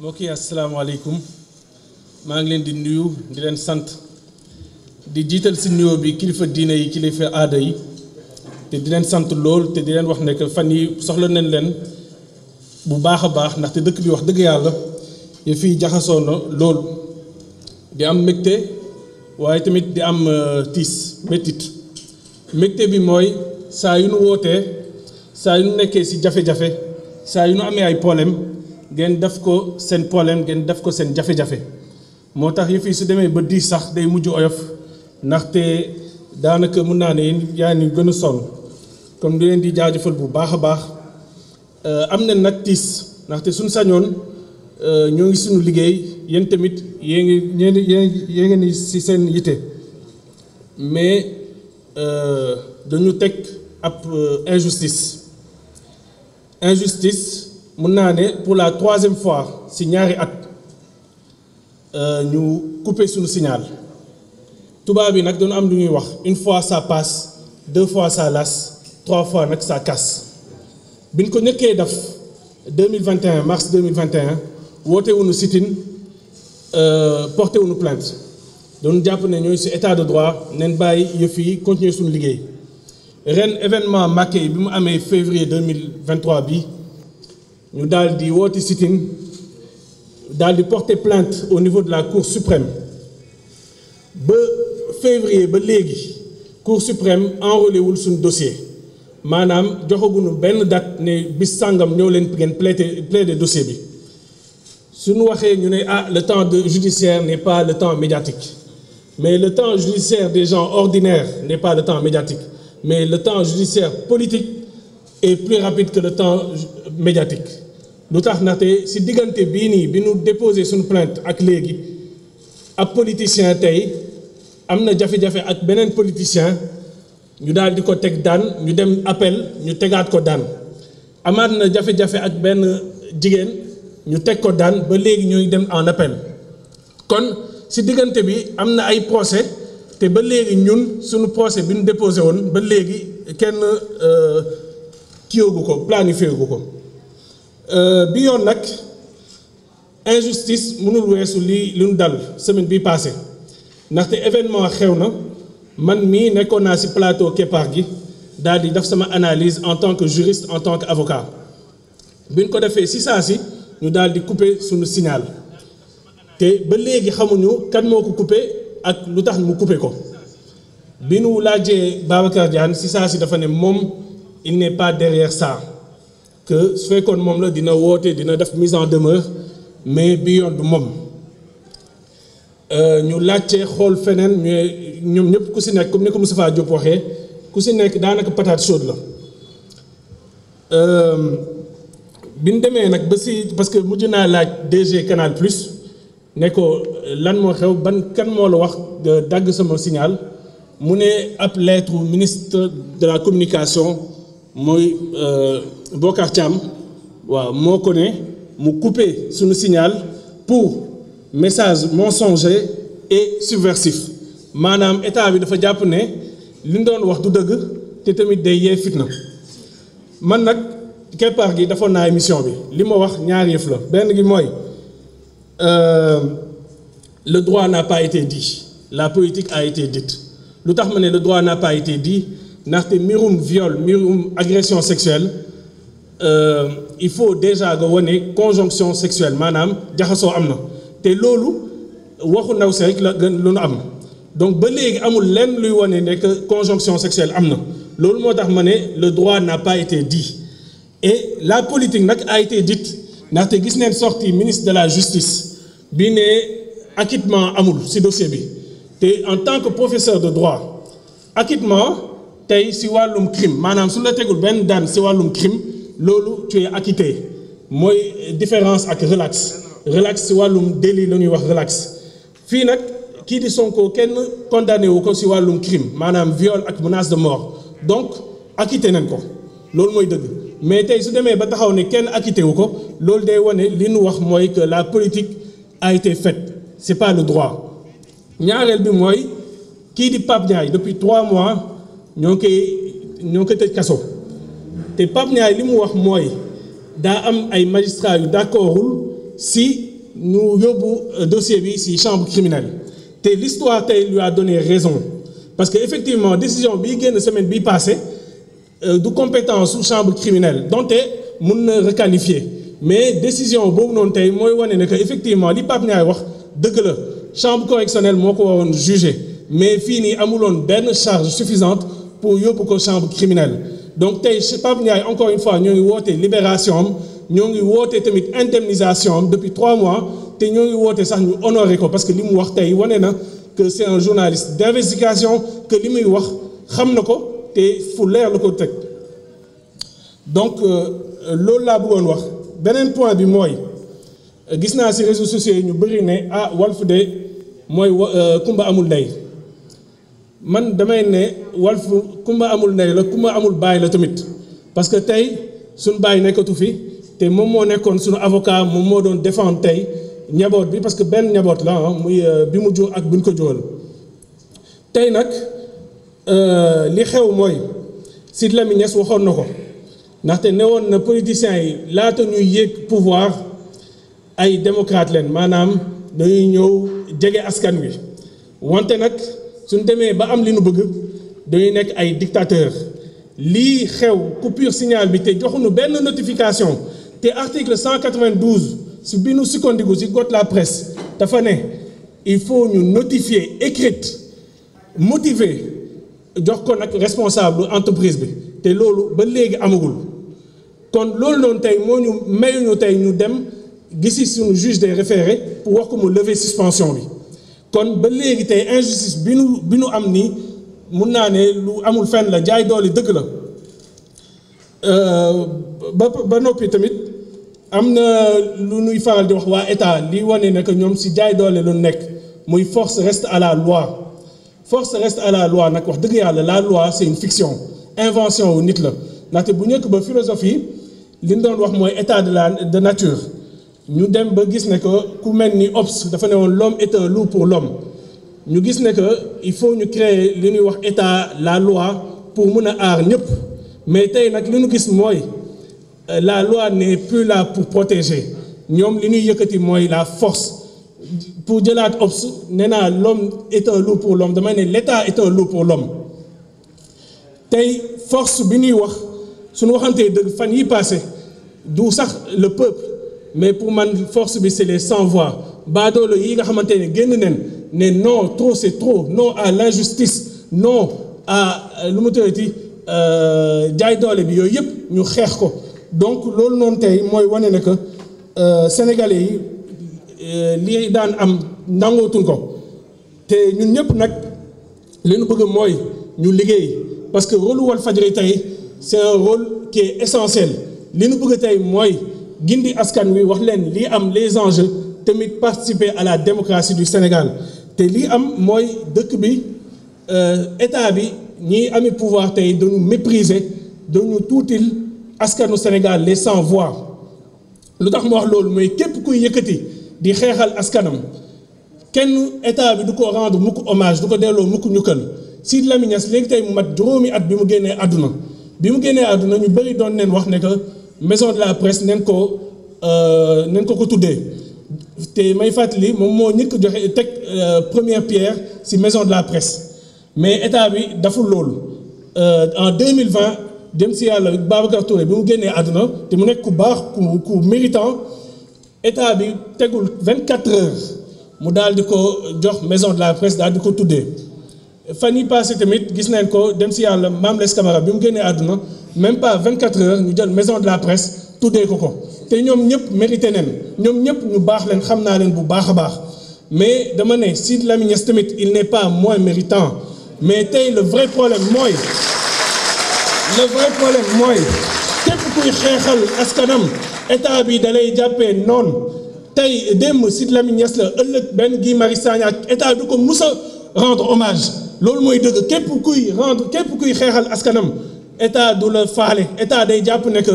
mbokk yi asalaamaaleykum maa ngi leen di nuyu di leen sant di jiital si nuyoo bi kilifa diine yi kilifa aada yi te di leen sant lool te di leen wax ne fan yi soxla nañ leen bu baax a baax ndaxte dëkk bi wax dëgg yàlla ya fii jaxasoo lool di am mbégte waaye tamit di am euh, tiis métit mbégte bi mooy saa yu nu wootee saa yu nu nekkee si jafe-jafe saa yu nu amee ay problème ngeen def ko seen problème ngeen def ko seen jafe-jafe moo tax yëf yi su demee ba diis sax day mujj oyof ndaxte daanaka mun naa ne yaa ngi gën a sonn kon di leen di jaajëfal bu baax a baax euh, am na nag tiis ndaxte suñ sañoon euh, ñoo ngi suñu liggéey yéen tamit yée ngi ñeen yée ngeen si seen yite mais euh, dañu teg ab injustice injustice mun naa ne pour la troisième fois si ñaari at euh, ñu couper suñu signal tubaab yi nag dañu am lu ñuy wax une fois ça passe deux fois ça lasse trois fois nag ça casse bi ñu ko ñëkkee def 2021 mars 2021 woote wuñu sit-in euh, porté wuñu plainte doon jàpp ne ñooy si état de droit neen bàyyi yëf yi continuer suñu liggéey ren événement marqué yi bi mu amee février 2023 bi ñu daal di woote sit-in daal di porter plainte au niveau de la cour suprême ba février ba léegi cour suprême enrôlé wul suñu dossier maanaam joxaguñu benn date ne bis sàngam ñëw leen ngeen plaider plaider dossier bi suñu waxee ñu ne ah le temps de judiciaire n'est pas le temps médiatique mais le temps judiciaire des gens ordinaires n'est pas le temps médiatique mais le temps judiciaire politique est plus rapide que le temps médiatique lu tax na te si diggante bii nii bi nu déposé suñu plainte ak léegi ab politicien tey am na jafe-jafe ak beneen politicien ñu daal di ko teg daan ñu dem appel ñu tegaat ko daan amaat na jafe-jafe ak benn jigéen ñu teg ko daan ba léegi ñuy dem en appel kon si diggante bi am na ay procès te ba léegi ñun suñu procès bi ñu déposé woon ba léegi kenn euh, kiiwagu ko planifié gu ko Euh, bi yoon nag injustice mënul weesu lii li ñu dal semaine bi passé ndaxte événement xew na man mii nekkoon naa ci plateau keppaar gi daal di def sama analyse en tant que juriste en tant que avocat bi ñu ko defee ci saa si ñu daal di couper suñu signal te ba léegi xamuñu kan moo ko couper ak lu tax mu couper ko bi ñu laajee Babacar Diagne ci saa si dafa ne moom il n'est pas derrière ça su fekkoon moom la dina woote dina def mise en demeure mais bi yoon du moom euh, ñu laajtee xool feneen ñu ñoom ñëpp ku si nekk comme ni ko Moustapha Diop waxee ku si nekk daanaka patate chaude la euh, bi ñu demee nag ba si parce que mujj naa laaj DG Canal Plus ne ko lan moo xew ban kan moo la wax euh, dagg sama signal mu ne ab lettre ministre de la communication. mooy euh, Bokar Thiam waaw moo ko ne mu couper suñu signal pour message mensonger et subversif maanaam état bi dafa jàpp ne li ñu doon wax du dëgg te tamit day yee fitna man nag keppaar gi dafa naa émission bi li ma wax ñaar yëf la benn gi mooy euh, le droit n'a pas été dit la politique a été lu tax ma ne le droit n'a pas ndaxte mbirum viol mbirum agression sexuelle euh, il faut déjà nga wane conjonction sexuelle maanaam jaxasoo am na te loolu waxu ndaw si rek la gën lu nu am donc ba léegi amul lenn luy wane ne que conjonction sexuelle am na loolu moo tax ma ne le droit n'a pas été dit et la politique nag a été dite ndaxte gis neen sorti ministre de la justice bi ne acquittement amul si dossier bi te en tant que professeur de droit acquittement tey si wàllum crime maanaam su la tegul benn daan si wàllum crime loolu tu es mooy différence ak relax relax si wàllum délit la ñuy wax relax fii nag kii di Sonko kenn condamné wu ko si wàllum crime maanaam viol ak menace de mort donc acquitté nañ ko loolu mooy dëgg mais tey su demee ba taxaw ne kenn acquitté wu ko loolu day wane li nu wax mooy que la politique a été faite c'est pas le droit ñaareel bi mooy kii di Pape Ndiaye depuis trois mois ñoo ngi koy ñoo ngi koy tëj kaso te Pape Ndiaye li mu wax mooy daa am ay magistrats yu d'accordul si ñu yóbbu euh, dossier bi si chambre criminelle te l'histoire tey lui a donné raison parce que effectivement décision bii génn semaine bii passée euh, du compétence su chambre criminelle donte mun na requalifier mais décision boobu noonu tey mooy wane ne que effectivement li Pape Ndiaye wax dëgg la chambre correctionnelle moo ko waroon juger mais fii nii amuloon benn charge suffisante pour yóbbu ko chambre criminelle donc tey Pape Ndiaye encore une fois ñoo ngi woote libération am ñoo ngi wootee tamit indemnisation am depuis trois mois te ñoo ngi woote sax ñu honoré ko parce que li mu wax tey wane na que c'est un journaliste d'investigation que li muy wax xam na ko te fu leer la ko teg donc euh, loolu laa bëggoon wax beneen point bi mooy gis naa si réseau sociaux ñu bëri ne ah Walf de mooy euh, Kumba amul ndey man damay ne Walf kumba amul ndey la kumba amul bàyyi la tamit parce que tey suñu baay nekkatu fi te moom moo nekkoon suñu avocat moom moo doon défendre tey njaboot bi parce que benn njaboot la ah, muy euh, bi mu jur ak buñ ko jural tey nag euh, li xew mooy si Lamine waxoon na ko ndaxte ne woon na politiciens yi laata ñuy yéeg pouvoir ay démocrate leen maanaam dañuy ñëw jege askan wi wante nag suñ demee ba am li nu bëgg dañuy nekk ay dictateur lii xew coupure signal bi te joxuñu benn notification te article 192 si bi nu sukkandiku si code la presse dafa ne il faut ñu notifier écrite motiver jox ko nag responsable entreprise bi te loolu ba léegi amagul kon loolu noonu tey moo ñu mayuñu tey ñu dem gisi suñu juge des référés pour wax ko mu lever suspension bi kon ba léegi tey injustice bi nu bi nu am nii mun naa ne lu amul fen la jaay doole dëgg la euh, ba ba noppi tamit am na lu nuy faral di wax waa état li wane ne ñoom si jaay doole lu nekk muy force reste à la loi force reste à la loi nag wax dëgg yàlla la loi c'est une fiction invention wu nit la ndaxte bu njëkk ba philosophie li ñu doon wax mooy état de la de nature ñu dem ba gis ne que ku mel ni Hobbes dafa ne woon l'homme est loup pour l'homme ñu gis ne que il faut ñu créer li ñuy wax état la loi pour mun a aar ñëpp mais tey nag li ñu gis mooy euh, la loi n'est plus là pour protéger ñoom li ñuy yëkkati mooy la force pour jëlaat Hobbes nee naa l'homme est un loup pour l'homme damay ne l'état est un loup pour l'homme tey force bi ñuy wax suñu waxantee dëgg fan yi passé du sax le peuple mais pour man force bi c'est les sans voix baadoolo yi nga xamante ne génn neen ne non trop c'est trop non à l'injustice non à euh, lu mu tëddati euh, jaay doole bi yooyu yëpp ñu xeex ko donc loolu noonu tey mooy wane ne que euh, sénégalais yi li daan am ndangootuñ ko te ñun ñëpp nag li ñu bëgg mooy ñu liggéey parce que rôle Walfadjri tey c'est un rôle qui est essentiel li ñu bëgg tey mooy. gindi askan wi wax leen lii am les enjeux tamit participer à la démocratie du Sénégal te lii am mooy dëkk bi euh, état bi ñiy amee pouvoir tey dañu mépriser dañu tuutil askanu Sénégal les sans voix lu tax ma wax loolu mooy képp kuy yëkkati di xeexal askanam kenn état bi du ko rendre mukk hommage du ko delloo mukk ñukkal Sidy Lamine Niass léegi tey mu mat juróomi at bi mu génnee àdduna bi mu génnee àdduna ñu bëri doon leen wax ne que maison de la presse nañ ko euh, nañ ko ko tuddee te may fàttali moom moo ñëkk joxe teg euh, première pierre ci maison de la presse mais état bi daful loolu euh, en 2020 dem si yàlla Babacar Touré bi mu génnee àdduna te mu nekk ku baax ku ku méritant état bi tegul 24 heures mu daal di ko jox maison de la presse daal di ko tuddee. fan yi passé tamit gis nañ ko dem si yàlla Mame Less Camara bi mu génnee àdduna même pas 24 heures ñu jël maison de la presse tuddee ko ko te ñoom ñëpp mérité nañ ñoom ñëpp ñu baax leen xam naa leen bu baax a baax mais dama ne Sidy Lamine tamit il n'est pas moins méritant mais tey le vrai problème mooy le vrai problème mooy képp kuy xeexal askanam état bi dalay jàppee noonu tey démb Sidy Lamine Niass la ëllëg benn Guy Marius Sagna ak état du ko mus a rendre loolu mooy dëgg képp kuy rendre képp kuy xeexal askanam état du la faale état day jàpp ne que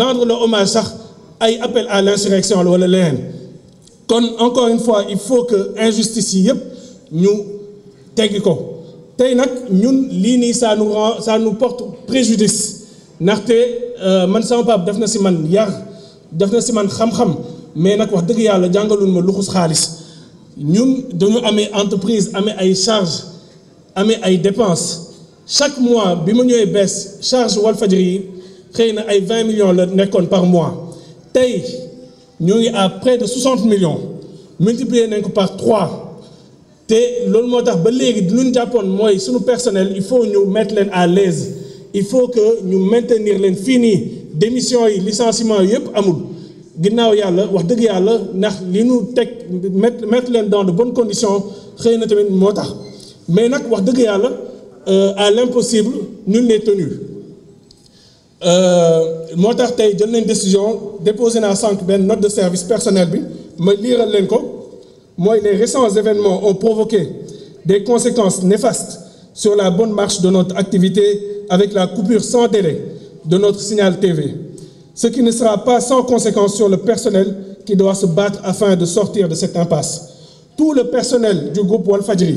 rendre le hommage sax ay appel à l'insurrection la wala leneen kon encore une fois il faut que injustice yi yëpp ñu teggi ko tey nag ñun lii nii ça nous rend ça nous porte préjudice ndaxte euh, man sama pap def na si man yar def na si man xam-xam mais nag wax dëgg yàlla jàngalul ma luxus xaalis ñun dañu amee entreprise amee ay charges amee ay dépenses chaque mois bi ma ñëwee bees charge Walfadjri yi xëy na ay 20 millions la nekkoon par mois tey ñoo ngi à près de 60 millions multiplier nañ ko par 3 te loolu moo tax ba léegi lu luñ jàppoon mooy suñu personnel il faut ñu mettre leen à l'aise il faut que ñu maintenir leen fii nii démission yi licenciement yi yëpp amul ginnaaw yàlla wax dëgg yàlla ndax li ñu teg mettre mettre leen dans de bonnes conditions xëy na tamit moo tax. mais nag wax dëgg yàlla euh, à l'impossible nul n'est tenu euh, moo tax tey jël nañ décision déposé naa sànq benn note de service personnel bi ma liiral leen ko mooy les récents événements ont provoqué des conséquences néfastes sur la bonne marche de notre activité avec la coupure sans délai de notre signal TV ce qui ne sera pas sans conséquence sur le personnel qui doit se battre afin de sortir de cette impasse tout le personnel du groupe Walfadjri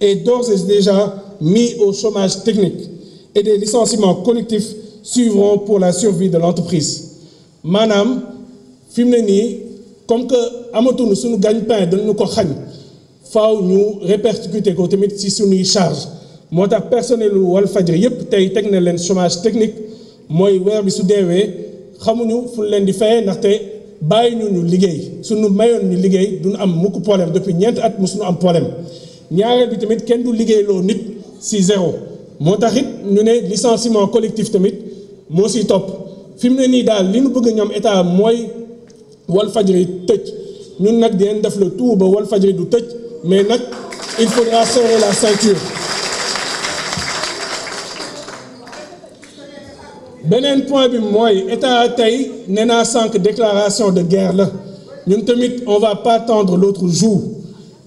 est d'ores et déjà mis au chômage technique et des licenciements collectifs suivront pour la survie de l'entreprise maanaam fi mu ne nii comme que amatuñu suñu gagne-pain dañu ko xañ faaw ñu répercuter ko tamit ci suñuy charge moo tax personnel lu Walfadjri yëpp tey teg na leen chômage technique mooy weer bi su deewee xamuñu fu leen di fayee ndaxte bàyyi ñu ñu liggéey suñu mayoon ñu liggéey duñu am mukk problème depuis ñeent at mu suñu am problème ñaareel bi tamit kenn du liggéeyloo nit si zéro moo tax it ñu ne licenciement collectif tamit moo si topp fi mu ne nii daal li ñu bëgg ñoom état mooy Walfadjri tëj ñun nag dinañ def le tout ba Walfadjri du tëj mais nag il faudra serrer la ceinture beneen point bi mooy état tey nee naa sànq déclaration de guerre la ñun tamit on va pas tendre l'autre jour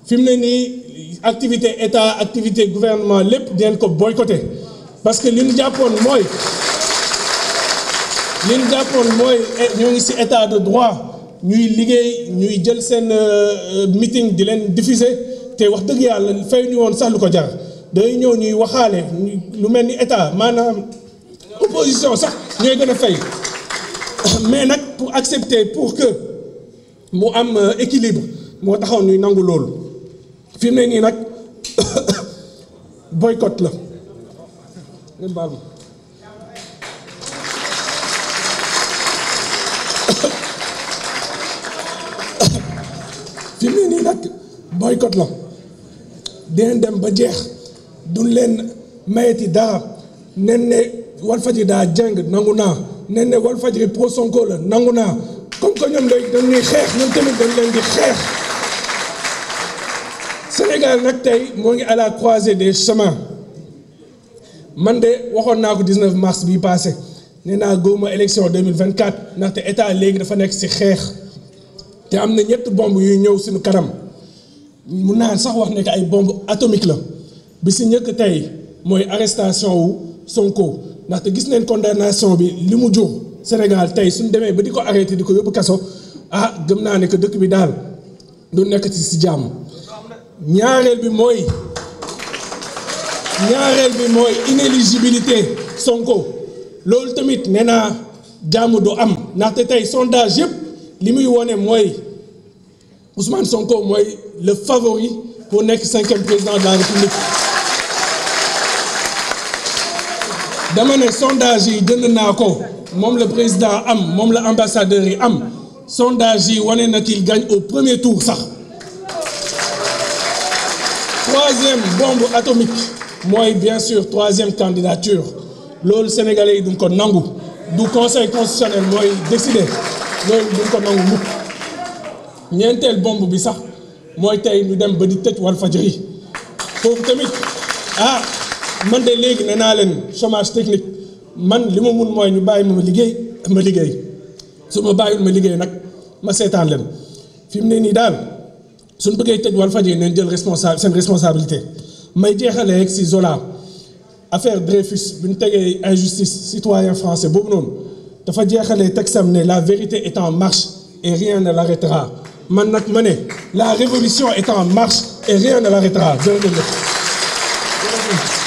fi ne nii activité état activité gouvernement lépp dinañ ko boycotté parce que li ñu jàppoon mooy li ñu jàppoon mooy eh, ñoo ngi si état de droit ñuy liggéey ñuy jël seen euh, euh, meeting di leen diffuser te wax dëgg yàlla fay ñu woon sax lu ko jar day ñëw ñuy waxaale lu mel ni état maanaam opposition sax ñooy gën a fay mais nag pour accepter pour que mu am euh, équilibre moo taxaw ñuy nangu loolu. fi mu nii nag boykot la ngeen baal la dinañ dem ba jeex duñ leen mayeti daa nen ne Walfadjri daa jàng nangu naa nen ne Walfadjri pro Sonko la nangu naa comme que ñoom day dañ ñuy xeex ñun tamit dañ leen di xeex Sénégal nag tey moo ngi à la croisée des chemins man de waxoon naa ko 19 mars bii passé nee naa góoma élection 2024 ndaxte état léegi dafa nekk ci xeex te am na ñett bomb yuy ñëw suñu kanam mun naa sax wax nekk ay bombe atomique la bi si njëkk tey mooy arrestation wu Sonko ndaxte gis neen condamnation bi li mu jur Sénégal tey suñu demee ba di ko arrêté di ko yóbbu kaso ah gëm naa ne que dëkk bi daal du nekk ci si jàmm ñaareel bi mooy ñaareel bi mooy inéligibilité Sonko loolu tamit nee naa jàmm du am ndaxte tey sondage yëpp li muy wane mooy Ousmane Sonko mooy le favori pour nekk cinquième président de la République dama ne sondage yi jënd naa ko moom la président am moom la ambassadeur yi am sondage yi wane na qu'il gagne au premier tour sax troisième bomb atomique mooy bien sûr troisième candidature loolu sénégalais yi duñ ko nangu du conseil constitutionnel mooy décider loolu duñ ko nangu mukk ñeenteel bombe bi sax mooy tey ñu dem ba di tëj yi foofu tamit ah man de léegi ne naa leen chômage technique man li ma mun mooy ñu bàyyi ma liggéey ma liggéey su ma bàyyiwul ma liggéey nag ma seetaan leen fi mu ne nii daal. te bëggee tëj Walfadjri nañ jël responsable seen responsabilité may jeexalee rek si affaire Dreyfus bi ñu tegee injustice citoyen français boobu noonu dafa jeexalee texam ne la vérité est en marche et rien ne l'arrêtera man nag ma ne la révolution est en marche et rien ne l'arrêtera jërëjëf